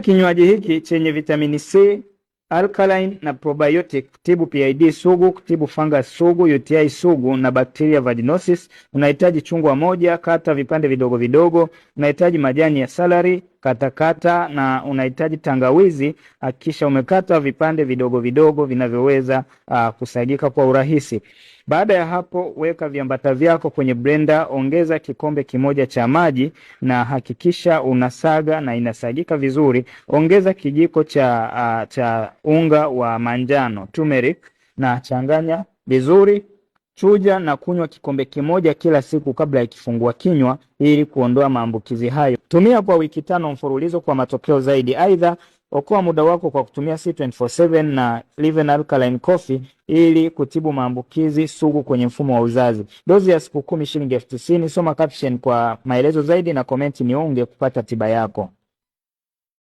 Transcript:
Kinywaji hiki chenye vitamini C, alkaline na probiotic kutibu PID sugu, kutibu fungus sugu, UTI sugu na bacteria vaginosis. Unahitaji chungwa moja, kata vipande vidogo vidogo. Unahitaji majani ya salary katakata na unahitaji tangawizi, hakikisha ah, umekata vipande vidogo vidogo vinavyoweza uh, ah, kusagika kwa urahisi. Baada ya hapo, weka viambata vyako kwenye blender, ongeza kikombe kimoja cha maji na hakikisha unasaga na inasagika vizuri. Ongeza kijiko cha, uh, cha unga wa manjano turmeric na changanya vizuri. Chuja na kunywa kikombe kimoja kila siku kabla ya kifungua kinywa ili kuondoa maambukizi hayo. Tumia kwa wiki tano mfululizo kwa matokeo zaidi. Aidha, okoa muda wako kwa kutumia C247 na Liven Alkaline Coffee ili kutibu maambukizi sugu kwenye mfumo wa uzazi. Dozi ya siku kumi shilingi elfu tisini. Soma caption kwa maelezo zaidi na komenti niunge kupata tiba yako.